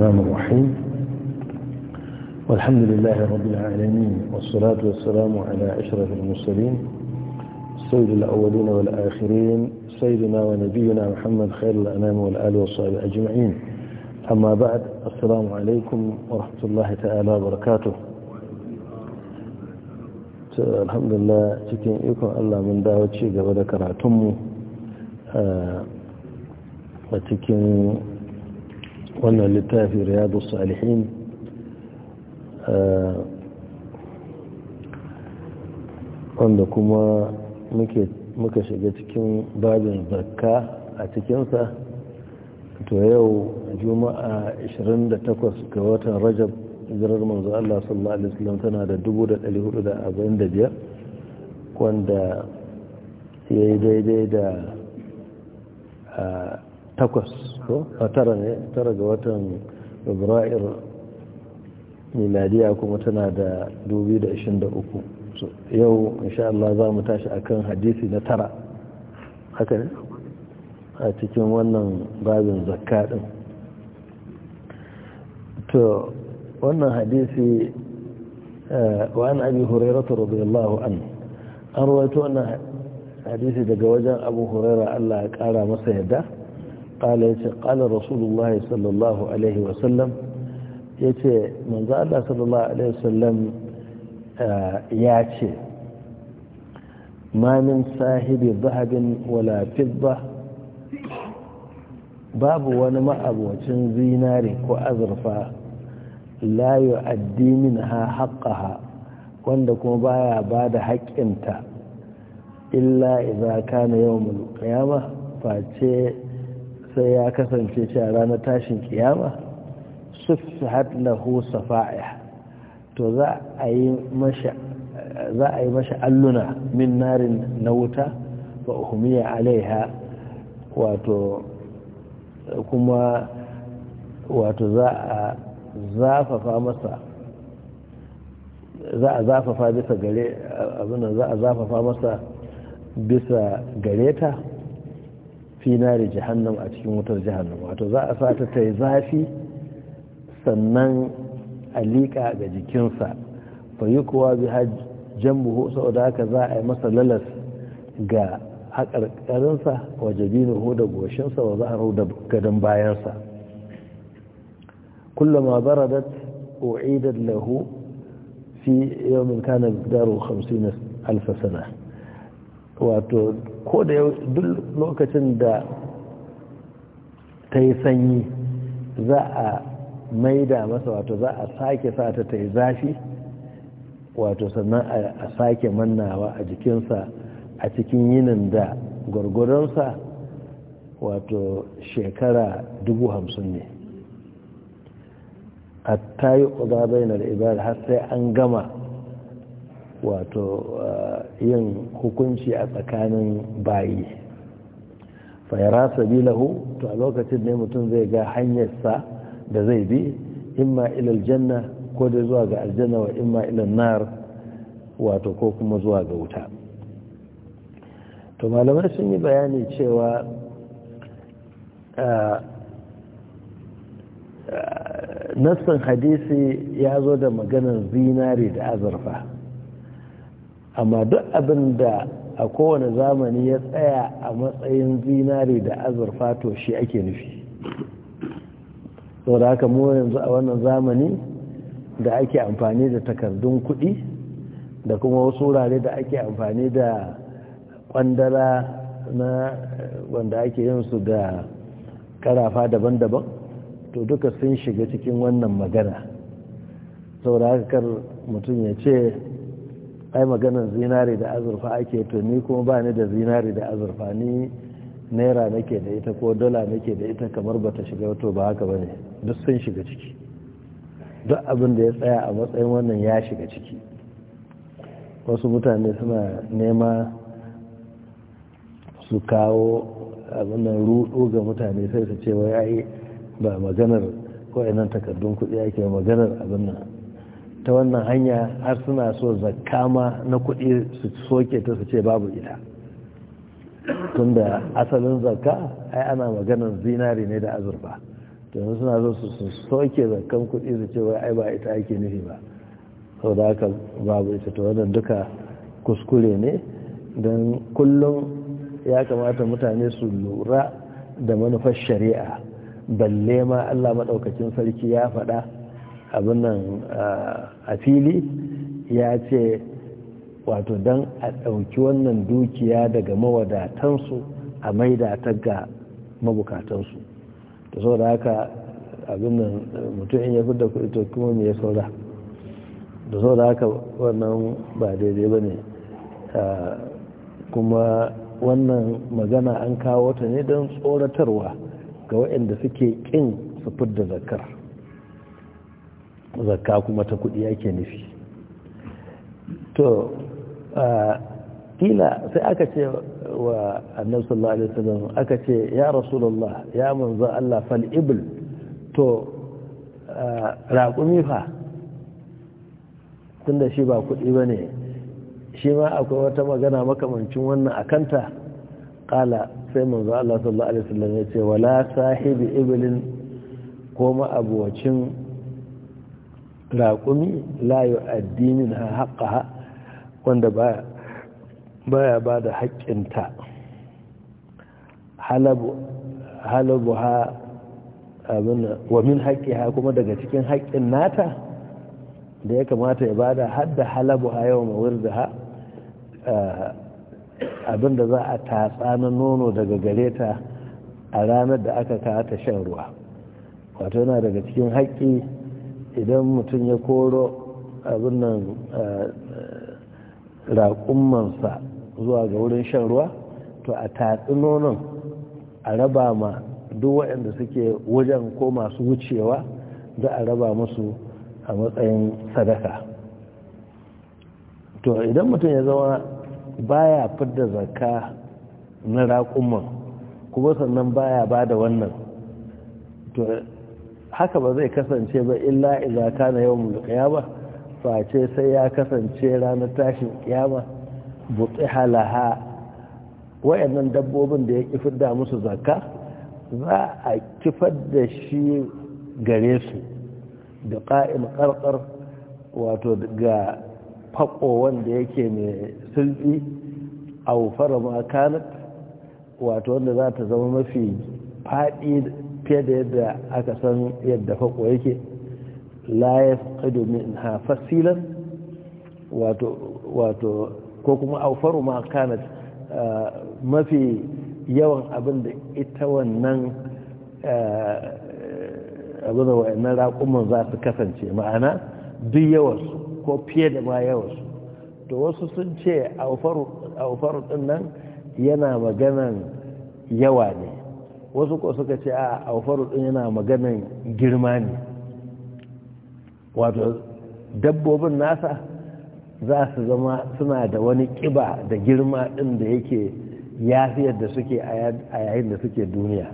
الرحمن الرحيم والحمد لله رب العالمين والصلاة والسلام على أشرف المرسلين سيد الأولين والآخرين سيدنا ونبينا محمد خير الأنام والآل والصحب أجمعين أما بعد السلام عليكم ورحمة الله تعالى وبركاته الحمد لله تكين إيكم الله من dawo ci gaba da wannan littafin riyadu salihin wanda kuma muka shiga cikin babin zakka a cikinsa to yau juma'a 28 ga watan rajab jirar manzo Allah sallallahu alaihi wasallam tana da 1445 wanda ya yi daidai da takwas ko a tara ne tara ga watan ibra'ir miladiya kuma tana da 2023 yau insha Allah za mu tashi akan hadisi na tara haka ne a cikin wannan babin zakadin to wannan hadisi eh, wa an abi hurairah radiyallahu anhu an rawaito wannan hadisi daga wajen abu hurairah Allah ya kara masa yadda ƙala ya ce ƙala rasulullah sallallahu alaihi wasallam ya ce manzo Allah sallallahu alaihi wasallam ya ce ma min sahibi zahabin wala fidda babu wani ma'abocin zinare ko azurfa la yu'addi minha haqqaha wanda kuma baya bada da haƙƙinta illa idza kana yawmul qiyamah face sai ya kasance shi a ranar tashin kiyama su su safa'ih to za a yi masha za a yi masha alluna min narin na wuta fa uhmiya alaiha wato kuma wato za a zafafa masa za a zafafa bisa gare abinan za a zafafa masa bisa gare ta fi nari jahannam a cikin wutar jahannam wato za a sata ta yi zafi sannan a liƙa ga jikinsa fa yi kuwa bi hajjan buhu sau da haka za a yi masa lalas ga haƙarƙarinsa wa hu da goshinsa wa zaharu da gadon bayansa kullama baradat u'idat lahu fi min kanar daru 50 alf wato ko da duk lokacin da ta yi sanyi za a maida masa wato za a sake sata ta yi zafi wato sannan a sake mannawa a jikinsa a cikin yinin da gwargwaronsa wato shekara dubu hamsin ne a tayi yi zai na da ibar har sai an gama wato eh, yin hukunci a tsakanin bayi fayara sabilahu to a lokacin ne mutum zai ga hanyarsa da zai bi imma ilal janna ko da zuwa ga aljanna wa imma ilal nar wato ko kuma zuwa ga wuta to malamai sun yi bayani cewa eh, eh, nassan hadisi ya zo da maganar zinari da azurfa amma duk abin da a kowane zamani ya tsaya a matsayin zinari da azurfa to shi ake nufi saboda haka mu yanzu a wannan zamani da ake amfani da takardun kuɗi da kuma wasu wurare da ake amfani da kwandala na wanda ake yin su da karafa daban-daban to duka sun shiga cikin wannan magana sau haka kar mutum ya ce ai maganar zinari da azurfa ake to ni kuma ba ni da zinari da azurfa ni naira nake da ita ko dola nake da ita kamar bata shiga to ba haka bane duk sun shiga ciki duk abin da ya tsaya a matsayin wannan ya shiga ciki wasu mutane suna nema su kawo abin rudu ga mutane sai su ce wai ai ba maganar wa'annan takardun kuɗi ake maganar abin nan ta wannan hanya har suna so zakka ma na kuɗi su soke ta su ce babu ita tunda asalin zakka ai ana maganar zinari ne da azurfa domin suna so su soke zakkan kuɗi su ce wai ai ba ita ake nufi ba sau da haka babu ita ta wannan duka kuskure ne don kullum ya kamata mutane su lura da manufar shari'a balle ma allah maɗaukacin sarki ya faɗa abin nan a fili ya ce wato don a ɗauki wannan dukiya daga mawadatansu a maida ta ga mabukatansu da sau da haka abin nan mutum in ya fi da kuɗi to kuma ya saura da sau da haka wannan ba daidai ba ne kuma wannan magana an kawo ta ne don tsoratarwa ga waɗanda suke ƙin su da zakar zakka kuma ta kuɗi yake nufi to kila sai aka ce wa annabi sallallahu alaihi wasallam aka ce ya rasulullah ya manzo Allah fal ibl to raƙumi fa tunda shi ba kuɗi bane shi ma akwai wata magana makamancin wannan akanta kala sai manzo Allah sallallahu alaihi wasallam ya ce wala sahibi iblin ko ma abocin raƙumi layu addinin ha haƙa wanda baya ba da haƙƙinta halabu ha wa min haƙƙi ha kuma daga cikin haƙƙin nata da ya kamata ya bada hadda halabu ha yawan mawar da ha eh, abinda za a tatsa na nono daga gare ta a ranar da aka kata shan ruwa wato yana daga cikin haƙƙi idan mutum ya koro abin nan eh, eh, sa zuwa ga wurin shan ruwa to a tatsi nonon a raba ma duk waɗanda suke wajen ko masu wucewa da a raba musu a matsayin sadaka to idan mutum ya zama baya fidda zakka na raƙumman kuma sannan baya ba da wannan haka ba zai kasance ba illa idza kana yawmul qiyama face sai ya kasance ranar tashin kiyama butiha laha wayannan dabbobin da ya kifidda musu zakka za a kifar da shi gare su da qa'im qarqar wato ga fako wanda yake mai sulbi a wufar wato wanda za ta zama mafi faɗi fiye da yadda aka san yadda fako yake la ya faqadu fasilan wato ko kuma aufaru ma kanat mafi yawan abin da ita wannan abin da wa'annan raƙumin za su kasance ma'ana duk yawansu ko fiye da ma yawansu to wasu sun ce aufaru ɗin nan yana maganan yawa ne wasu ko suka ce a aufaru din yana maganan girma ne wato dabbobin nasa za su zama suna da wani kiba da girma din da yake yafiyar da suke a yayin da suke duniya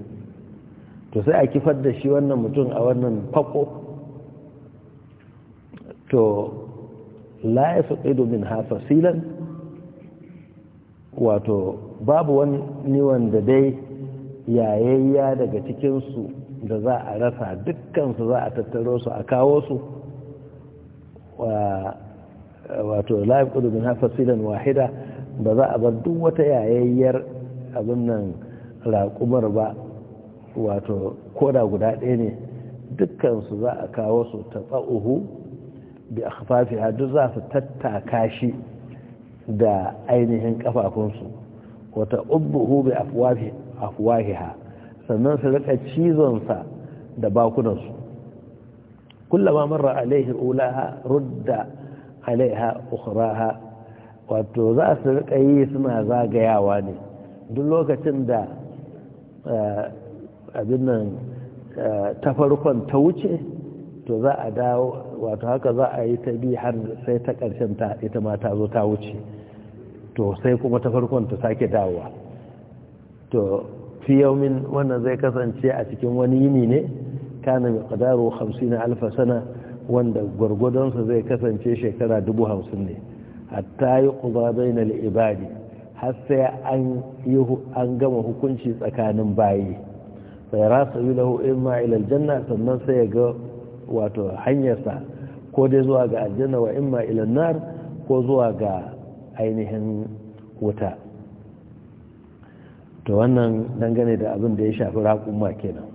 to sai a kifar da shi wannan mutum a wannan fako to la ya su min hafa silan wato babu wani wanda dai yayayya daga cikinsu da za a rasa dukkansu za a tattaro su a kawo su wato bin hafa hafasilan wahida ba za a bar duk wata yayayyar abin nan raƙumar ba wato koda guda ɗaya ne dukkansu za a kawo su ta tsa'uhu bi a duk za su tattaka shi da ainihin ƙafafunsu wata ubuhu bi afwafi afwahiha sannan su rika sa da bakunansu kullama marra alaihi ulaha rudda alaiha ukhraha wato za su rika yi suna zagayawa ne duk lokacin da eh, abin nan eh, ta farkon ta wuce to za a dawo wato haka za a yi ta bi har sai ta ƙarshen ta ita ma ta zo ta wuce to sai kuma ta farkon ta sake dawowa to fi yaumin wannan zai kasance a cikin wani yini ne kana mai ƙadaro hamsin alfa sana wanda gwargwadonsa zai kasance shekara dubu hamsin ne hatta yi ƙuba bai na ibadi har sai an gama hukunci tsakanin bayi sai rasa yi lahu imma ilal janna sannan sai ya ga wato hanyarsa ko dai zuwa ga aljanna wa imma ilal nar ko zuwa ga ainihin wuta to wannan dangane da abin da ya shafi raƙuma kenan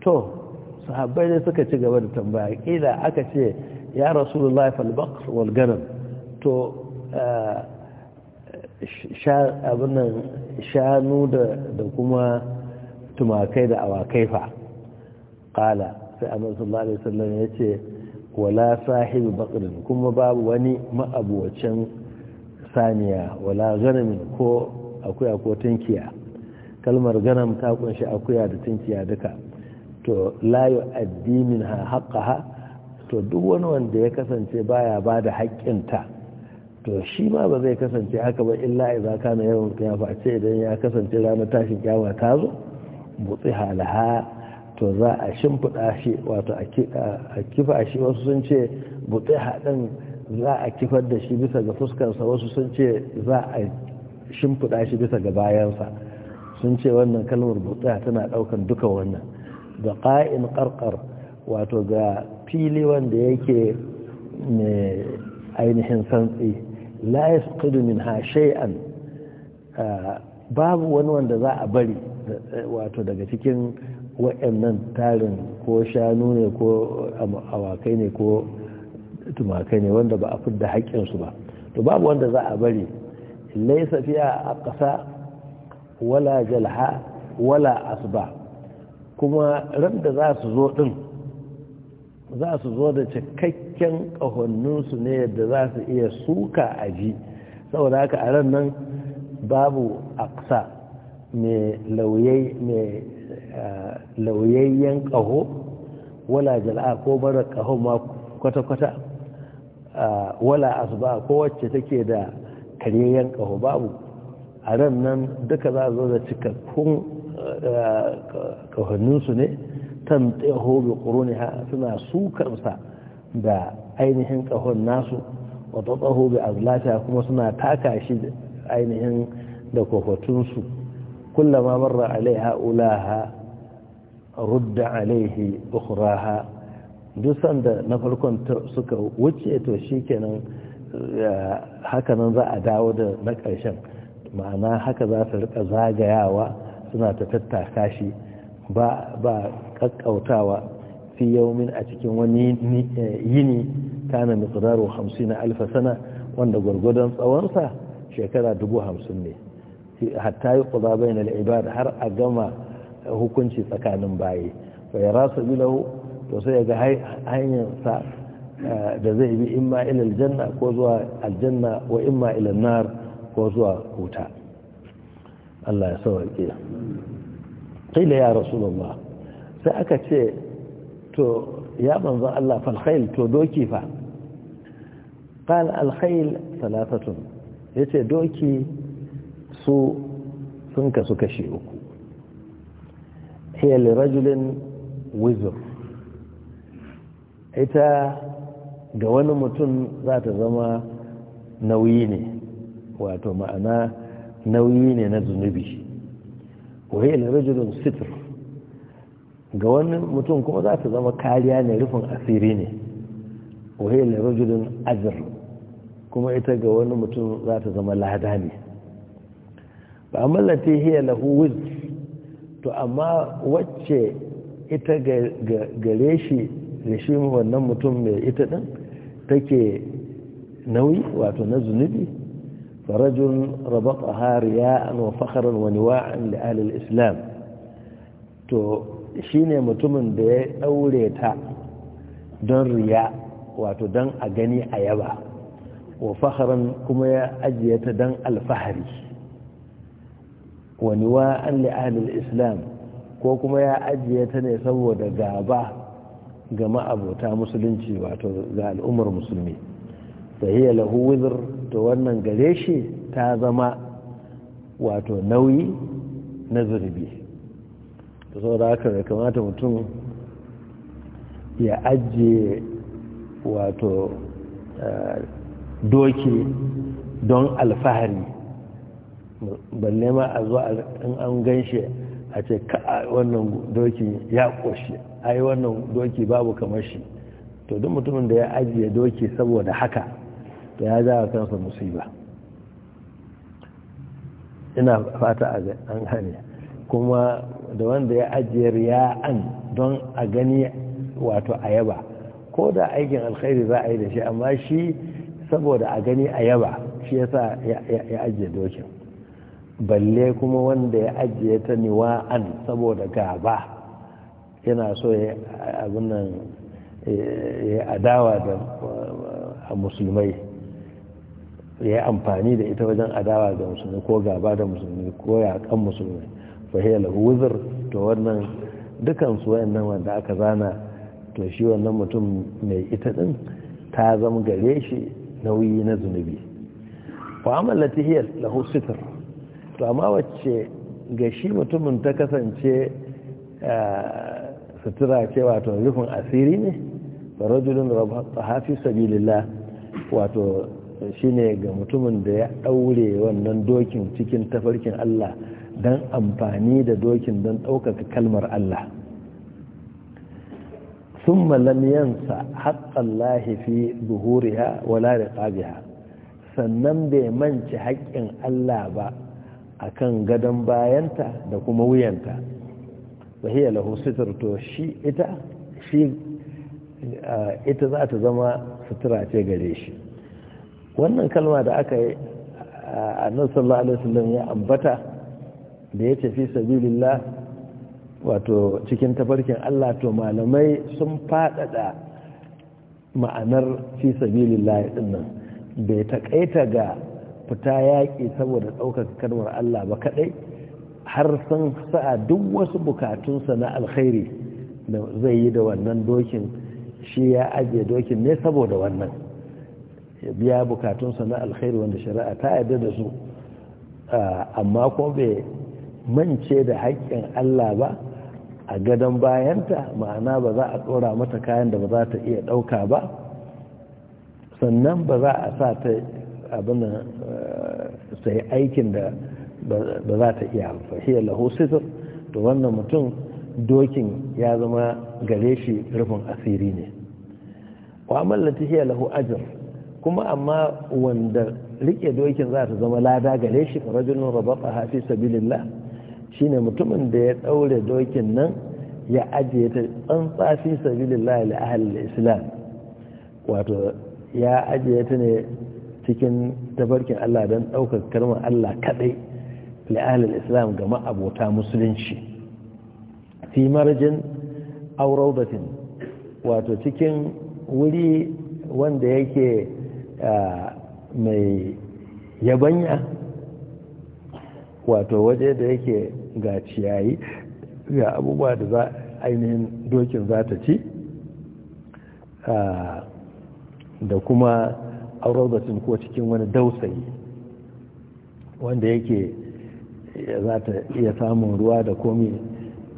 to sahabbai ne suka ci gaba da tambaya ƙila aka ce ya rasulullah falbaq wal ganam to eh, abin shanu da kuma tumakai da awakai fa ƙala sai annabi sallallahu alaihi wasallam ya ce wala sahibi baqrin kuma babu wani ma'abuwacin saniya wala ganamin ko akuya ko tunkiya kalmar ganam ta kunshi akuya da tunkiya duka to layu addinin ha haƙaha to duk wani wanda ya kasance baya ba da haƙƙinta to shi ma ba zai kasance haka ba illa iza kana yawan kiyafa ce idan ya kasance ranar tashin kyawa ta zo mutsi halaha to za a shimfiɗa shi wato a kifa shi wasu sun ce mutsi haɗin za a kifar da shi bisa ga fuskarsa wasu sun ce za a shimfiɗa shi bisa ga bayansa sun ce wannan kalmar buta tana ɗaukan duka wannan da ƙa'in ƙarƙar wato ga fili wanda yake mai ainihin santsi la ƙudumin ha shay'an babu wani wanda za a bari wato daga cikin waɗannan tarin ko shanu ne ko awakai ne ko tumakai ne wanda ba a fidda haƙƙinsu ba to babu wanda za a bari laisa fiya a ƙasa wala jalha wala asba kuma ran da za su zo ɗin za su zo da cikakken ƙahoninsu ne yadda za su iya suka a ji saboda haka a ran nan babu aksa mai eh, lauyayyen ƙaho wala jal'a ko mara ƙaho ma kwata-kwata eh, wala asba ko wacce take da karyayyen ƙaho babu a ran nan duka za a zo da cikakkun eh, kahanninsu ne tan tsaho ƙuruni ha suna sukarsa da ainihin ƙahon nasu wata tsaho bi azlata kuma suna taka shi ainihin da kwakwatunsu kullama marra alaiha ulaha rudda alaihi ukhraha duk sanda na farkon suka wuce to shikenan eh, hakanan za a dawo da na ƙarshen ma'ana haka za su rika zagayawa suna ta tattaka shi ba ba kakkautawa fi yawmin a cikin wani eh, yini kana miqdaru 50 alf sana wanda gwargwadon tsawonsa shekara 50 ne hatta yi quda bainal ibad har a gama hukunci tsakanin bayi fa yara sabilahu to sai ga hanyarsa eh, da zai bi imma ila aljanna ko zuwa aljanna wa imma ila nar ko zuwa wuta Allah ya sauke qila ya rasulullah sai aka ce to ya banzu Allah fal to doki fa qal al khayl ya yace doki su sun kasu kashi uku hiya rajulin wizr ita ga wani mutum za ta zama nauyi ne wato ma'ana nauyi ne na zunubi wahai rajulun sitr ga wani mutum kuma za ta zama kariya ne rufin asiri ne wahai rajulun azr kuma ita ga wani mutum za ta zama lada ne ba a hiya lahu wiz to amma wacce ita gare shi da shi wannan mutum mai ita din take nauyi wato na zunubi فرجل ربطها رياء وفخرا to لآل الإسلام تو شيني متمن دي أوليتا دون رياء wato don a gani a yaba wa faharan kuma ya ajiye ta don alfahari wani wa an li'ahalil islam ko kuma ya ajiye ta ne saboda gaba ga ma'abota musulunci wato al'ummar musulmi fahiyya lahu wizr to wannan gare shi ta zama wato nauyi na zurbi to saboda haka bai kamata mutum ya ajiye wato eh, doki don alfahari balle ma a zuwa in an ganshi a ce ka wannan doki ya ƙoshi ai wannan doki babu kamar shi to duk mutumin da ya ajiye doki saboda haka ya za a kansa musiba ina fata an gane kuma da wanda ya ajiye riya'an don a gani wato ayaba ko da aikin alkhairi za a yi da shi amma shi saboda a gani ayaba shi yasa ya ajiye dokin balle kuma wanda ya ajiye ta niwa'an saboda gaba yana so ya abinnan eh, ya adawa da eh, musulmai ya yi amfani da ita wajen adawa ga musulmi ko gaba da musulmi ko yakan musulmi fahiyar lahuzar to wannan dukansu wayannan wanda aka zana to shi wannan mutum mai ita din ta zama gare shi nauyi na zunubi fa'amar latihiyar lahusitar to amma wacce ga shi mutumin ta kasance eh, sutura ce wato rufin asiri ne ba rajulun rahafi sabilillah wato shine ga mutumin da ya ɗaure wannan dokin cikin tafarkin Allah don amfani da dokin don ɗaukaka kalmar Allah sun malamiyansa haƙƙan lahifi buhuriya zuhuriha sannan bai manci haƙƙin Allah ba a kan gadon bayanta da kuma wuyanta ba hiya lahusitar to shi ita shi eh, ita za ta zama sutura ce gare shi wannan kalma da aka yi a sallallahu alaihi ya ambata da ya tafi sabilillah wato cikin tafarkin Allah to malamai sun faɗaɗa ma'anar fi sabilillah dinnan nan bai taƙaita ga fita yaƙi saboda ɗaukar kalmar Allah ba kaɗai har sun sa duk wasu bukatunsa na alkhairi da zai yi da wannan dokin shi ya ajiye dokin ne saboda wannan ya biya bukatunsa na alkhairu wanda shari'a ta yarda da su amma ko bai mance da haƙƙin Allah ba a gadon bayanta ma'ana ba za a tsora mata kayan da ba za ta iya ɗauka ba sannan ba za a sa ta abin sai eh, aikin da ba za ta iya fahiyar lahu sitir da wannan mutum dokin ya zama gare shi rufin asiri ne wa amallata hiyar lahu ajiyar kuma amma wanda rike dokin za ta zama lada gare shi rajulun rabata hafi sabilillah shine mutumin da ya daure dokin nan ya ajiye ta tsantsa fi sabilillah li ahli islam wato ya ajiye ta ne cikin tabarkin Allah don ɗaukar karman Allah kaɗai li ahli islam ga ma'abota musulunci fi marjin aurobatin wato cikin wuri wanda yake mai yabanya wato waje da yake ga ciyayi ga abubuwa da za ainihin dokin za ta ci da kuma aurabatun ko cikin wani dausayi wanda yake za ta iya samun ruwa da komi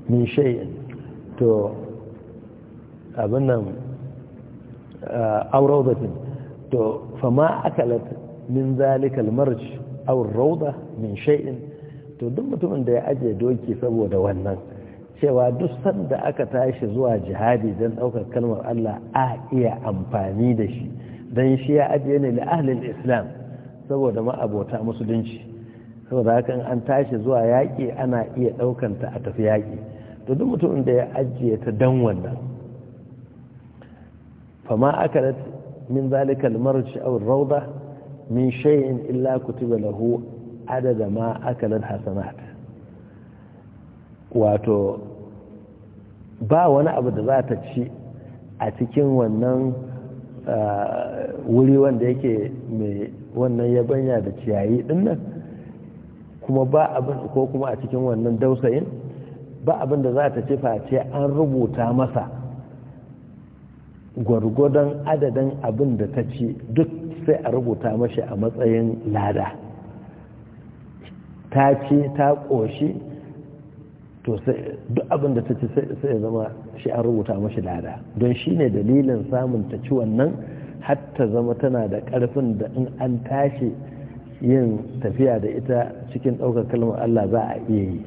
min shayin to abin nan aurabatun to fama akalat min zalikal marj aw rawda min shay'in to duk mutumin da ya aje doki saboda wannan cewa duk sanda aka tashi zuwa jihadi dan daukar kalmar Allah a iya amfani da shi dan shi ya aje ne la'ahlil islam saboda ma'abota musulunci saboda hakan an tashi zuwa yaƙi ana iya ɗaukanta a tafi yaki to duk mutumin da ya ajiye ta dan wannan fama akalat من ذلك المرج أو الروضة من شيء إلا كتب له عدد ما أكل الحسنات واتو با وانا abu ذات الشيء أتكين ci a cikin wannan wuri wanda yake mai wannan yabanya da ciyayi dinnan kuma ba abin ko kuma a cikin wannan dausayin ba abin da za ta ci ce an rubuta masa gwargwadon adadin abin da ta ci duk sai a rubuta mashi a matsayin lada ta ci ta ƙoshi to sai duk abin da ta ci sai ya zama shi a rubuta mashi lada don shi ne dalilin samun ta ci wannan hatta zama tana da ƙarfin da in an tashi yin tafiya da ita cikin ɗaukar kalmar Allah za a iya yi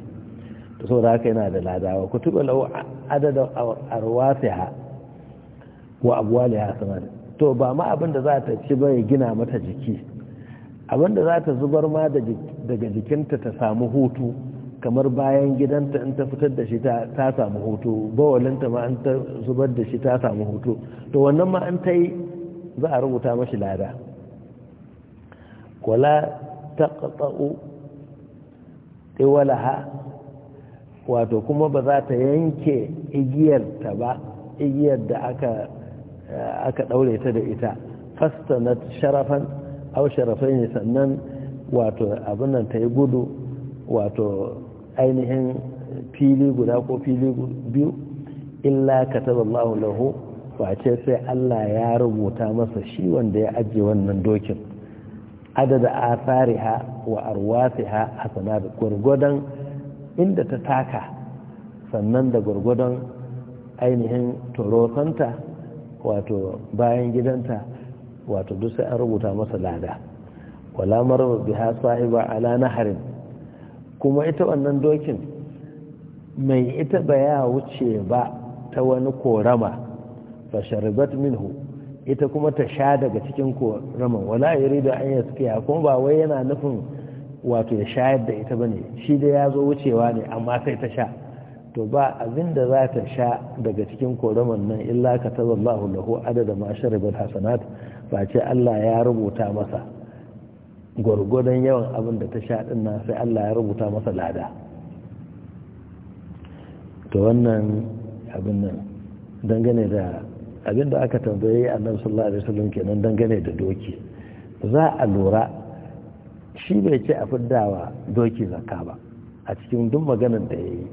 to saboda haka yana da ladawa kutuba lau adadin arwasiha wa abuwa da ya samar to ba ma abin da za ta ci ba ya gina mata jiki abin da za ta zubar ma daga jikinta ta samu hutu kamar bayan gidanta in ta fitar da shi ta samu hutu bawalinta ma an ta zubar da shi ta samu hutu to wannan ma an ta yi za a rubuta mashi lada wala ta ƙaƙa'u ha wato kuma ba za ta yanke igiyarta ba igiyar da aka aka ɗaure ta da ita fastanat sharafan au sharafaini sannan wato abin ta yi gudu wato ainihin fili guda ko fili biyu illa kataba Allahu lahu face sai Allah ya rubuta masa shi wanda ya ajiye wannan dokin adada asariha wa arwasiha a sanar gwargwadon inda ta taka sannan da gwargwadon ainihin torosanta wato bayan gidanta wato duk sai an rubuta masa lada wala marar biha sahiba ala naharin kuma ita wannan dokin mai ita ba ya wuce ba ta wani korama fa sharibat minhu ita kuma ta sha daga cikin koraman wala yuridu an yaskiya kuma ba wai yana nufin wato ya shayar da ita bane shi da ya zo wucewa ne amma sai ta sha to ba abin da za ta sha daga cikin koraman nan illa ka tazallahu lahu adada ma sharibul hasanat ba ce Allah ya rubuta masa gwargwadon yawan abin da ta sha din nan sai Allah ya rubuta masa lada to wannan abin nan dangane da abin da aka tambaye annabi sallallahu alaihi wasallam kenan dangane da doki za a lura shi bai ce a fiddawa doki zakka ba a cikin duk maganar da ya yi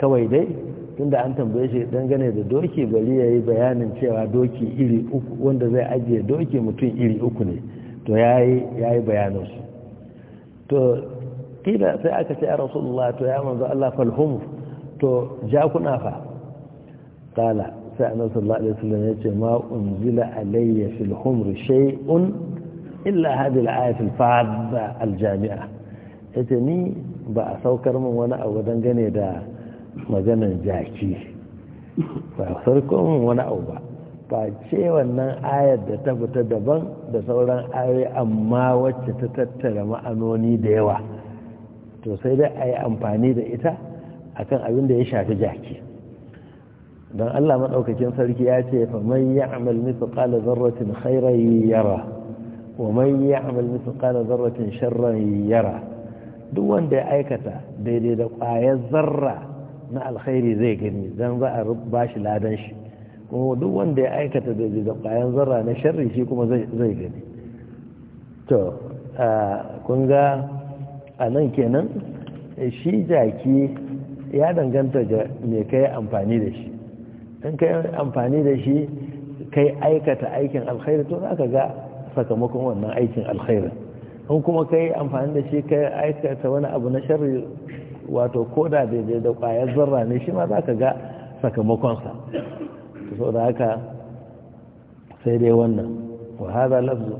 kawai dai tunda an tambaye shi dangane da doki bari ya yi bayanin cewa doki iri uku wanda zai ajiye doki mutum iri uku ne to ya yi bayaninsu to kila sai aka ce a rasulullah to ya manzo Allah falhumu to kuna fa kala sai annabi sallallahu alaihi wasallam ya ce ma unzila alayya fil humr shay'un illa hadhihi al-ayat al-fadda al-jami'a yace ni ba a saukar min wani abu dangane da Maganar jaki ba farkon wani abu ba ba ce wannan ayar da ta fita daban da sauran ayoyi amma wacce ta tattara ma'anoni da yawa to sai dai a yi amfani da ita akan abin da ya shafi jaki don allah maɗaukakin sarki ya ce fa mai yi amal ƙala zarratin khairan yara wa mai yi amal ƙala zarratin sharran yara duk wanda ya aikata daidai da ƙwayar zarra na alkhairi zai gani zan za a ba shi ladan shi kuma duk wanda ya aikata da da bayan zarra na sharri shi kuma zai gani to kun ga a nan kenan eh, shi jaki ya danganta ga me kai amfani da shi in kai amfani da shi kai aikata aikin alkhairi to za ka ga sakamakon wannan aikin alkhairi in kuma kai amfani da shi kai aikata wani abu na sharri wato ko da daidai da ƙwayar zarra ne shi ma za ka ga sakamakonsa so da haka sai dai wannan wa hada lafzu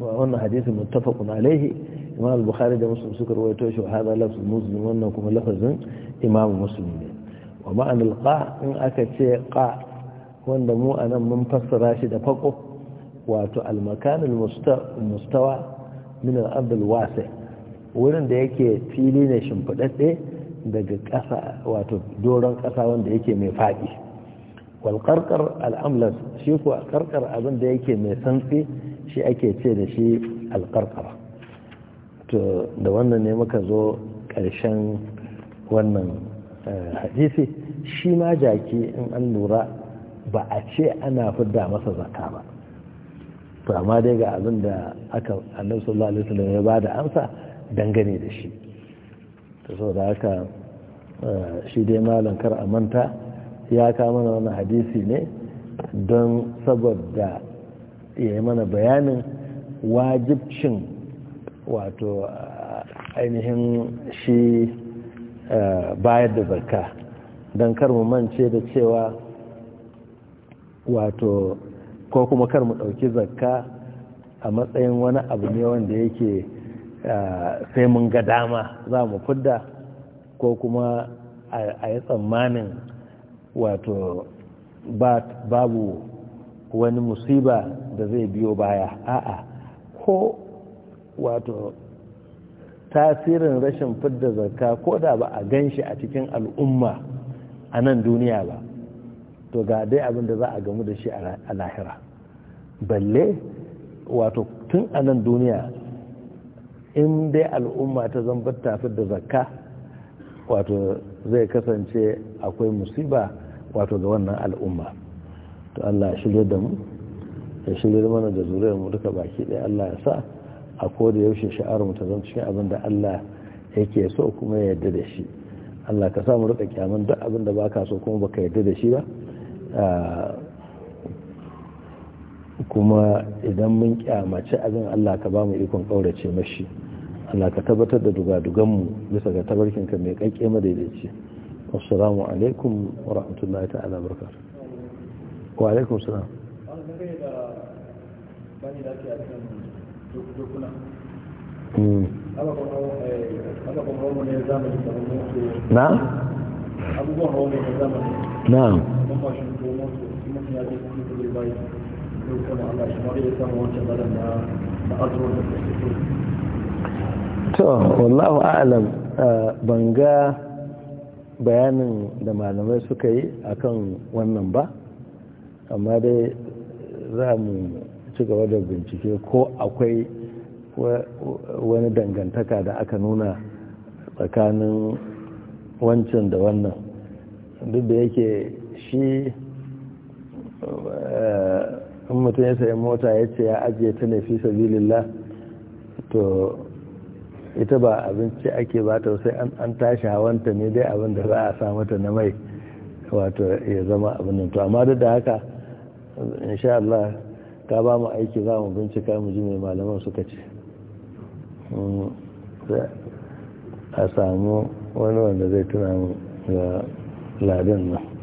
wannan hadisi muttafaqun alaihi imam al-bukhari da muslim suka rawaito shi wa hada lafzu muslim wannan kuma lafazin imam muslim ne wa ma'an al-qa in aka ce qa wanda mu anan mun fassara shi da fako wato al-makan al-mustawa min al-ard al-wasi' wurin da yake fili ne shimfiɗaɗɗe daga ƙasa wato doron ƙasa wanda yake mai faɗi walƙarƙar al'amlas shi ko ƙarƙar abin da yake mai santsi shi ake ce da shi alƙarƙar to da wannan ne muka zo ƙarshen wannan eh, hadisi shi ma jaki in an lura ba a ce ana fidda masa zaka ba to amma dai ga abin da aka annabi sallallahu alaihi wasallam ya bada amsa dangane da shi saboda haka eh, shi dai malam kar a manta ya ka mana wani hadisi ne don saboda ya yi mana bayanin wajibcin wato eh, ainihin shi eh, bayar da zakka don kar mu mance da cewa wato ko kuma kar mu ɗauki zakka a matsayin wani abu ne wanda yake sai mun ga dama za mu fudda ko kuma a yi tsammanin wato babu wani musiba da zai biyo baya a'a ko wato tasirin rashin fidda zarka ko da ba a gan shi a cikin al'umma a nan duniya ba to ga dai abin da za a gamu da shi a lahira balle wato tun a nan duniya in dai al'umma ta zambar tafi da zakka wato zai kasance akwai musiba wato ga wannan al'umma to Allah ya da mu ya shirye mana da zuriyar mu duka baki ɗaya Allah ya sa a koda yaushe sha'ar mu ta zama cikin abin da Allah yake so kuma ya yarda da shi Allah ka sa mu rika kyaman duk abin da baka so kuma baka yarda da shi ba ah, kuma idan mun kyamaci abin Allah ka ba mu ikon ƙaurace mashi Allah ka tabbatar da dugaduganmu bisa ga tabarkinka mai ƙaƙƙe madaidaici assalamu alaikum wa rahmatullahi ta'ala barkar wa alaikum salam na? abubuwan hawa hmm. ne na zamani na? to wallahu a'lam ban ga bayanin da malamai suka yi akan wannan ba amma dai za mu ci gaba da bincike ko akwai wani dangantaka da aka nuna tsakanin wancan da wannan duk da yake shi in mutum ya sayi mota ya ce ya ajiye ta ne fi sabilillah to ita ba abinci ake ba ta sai an tashi hawanta ne dai abin da za a samu ta na mai wato ya zama abin nan to amma duk da haka insha Allah ka ba mu aiki za mu bincika mu ji mai malaman suka ce mm, a samu wani wanda zai tuna mu ga ladin nan